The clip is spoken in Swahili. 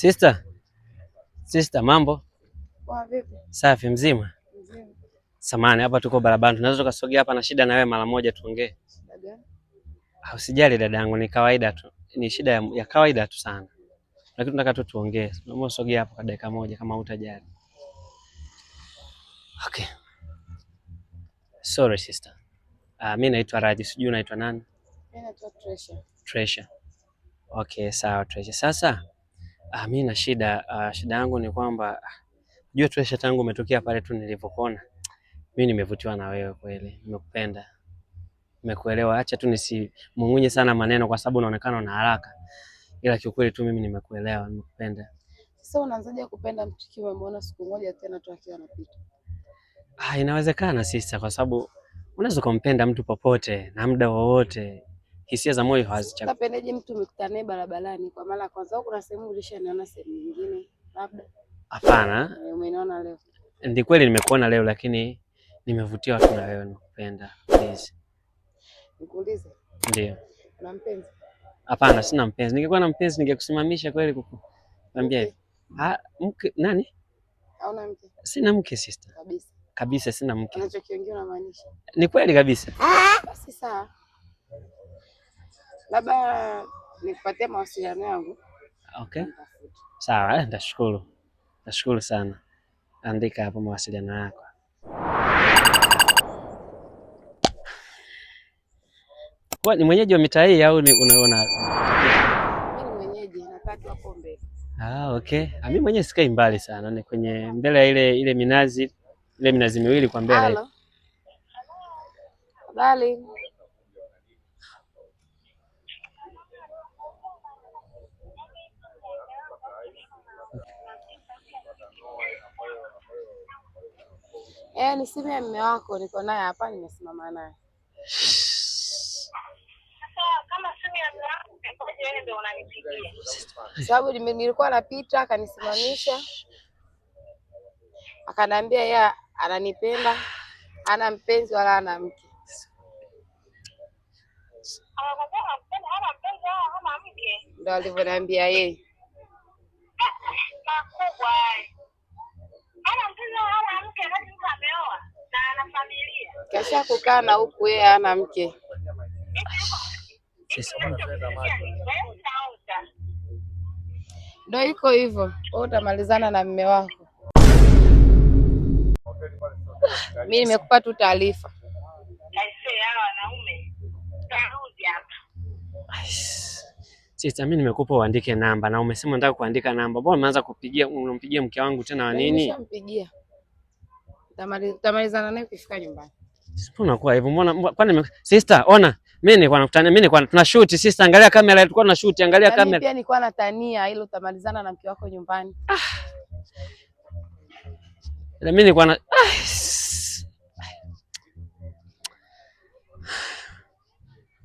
Sister? Sister, mambo vipi? safi? Mzima, mzima. Samani, hapa tuko barabarani, tunaweza tukasogea hapa na shida na wewe mara moja tuongee? Ah, usijali dadangu, ni kawaida tu, ni shida ya, ya kawaida tu sana, lakini tunataka tu tuongee. usogee hapo kwa dakika moja kama hutajali. Okay. Sorry sister. Uh, ah, mimi naitwa Raji, sijui unaitwa nani? Mimi naitwa Treasure. Treasure. Okay, sawa Treasure. Sasa Ah, mimi na shida ah, shida yangu ni kwamba jua tuesha tangu umetokea pale tu nilivyokuona, mimi nimevutiwa na wewe kweli, nimekupenda, nimekuelewa. Acha tu nisimung'unye sana maneno, kwa sababu unaonekana una haraka, ila kiukweli tu mimi nimekuelewa, nimekupenda. Sasa unaanzaje kupenda mtu kiwa umeona siku moja tena tu akiwa anapita? Ah, inawezekana sisa, kwa sababu unaweza kumpenda mtu popote na muda wowote hisia za moyo hazichagui. Unapendaje mtu mkutane barabarani kwa mara ya kwanza au kuna sehemu ulishaniona sehemu nyingine labda? Hapana. Eh, umeniona leo? Ndi kweli nimekuona leo, lakini nimevutia watu na wewe, nakupenda. Please nikuulize. Ndio. Una mpenzi? Hapana, sina mpenzi. Ningekuwa na mpenzi ningekusimamisha kweli kukuambia hivi. Ah, mke nani? Hauna mke? Sina mke sister. Kabisa. Kabisa sina mke. Unachokiongea unamaanisha? Ni kweli kabisa. Ah! labda nikupatie mawasiliano yangu. Okay, sawa, eh, nitashukuru, nitashukuru sana. Andika hapo mawasiliano yako. Kwa ni mwenyeji wa mitaa hii au unaona? Mimi mwenyeji, nataka hapo mbele. Ah, okay. Ah, mimi mwenyewe sikai mbali sana, ni kwenye mbele ya ile ile minazi ile minazi miwili kwa mbele. Habari. e ni simu ya mume wako niko naye hapa nimesimama naye. Sababu nilikuwa napita akanisimamisha akaniambia yeye ananipenda, ana mpenzi wala ana mke. Ndo alivyoniambia yeye. kasha kukaa na huku, yeye ana mke ndo iko hivyo. Wewe utamalizana na mme wako. Mimi nimekupa tu taarifa. Sasa mimi nimekupa uandike namba na umesema nataka kuandika namba, mbona umeanza kupigia? Unampigia mke wangu tena wa nini? Nitampigia, tamalizana naye kufika nyumbani. Sister, ona mimi nilikuwa nakutania, mimi nilikuwa tuna shoot sister, angalia kamera, tulikuwa tuna shoot, angalia yaani kamera. Mimi pia nilikuwa natania ile utamalizana na mke wako nyumbani. Ah. Mimi nilikuwa na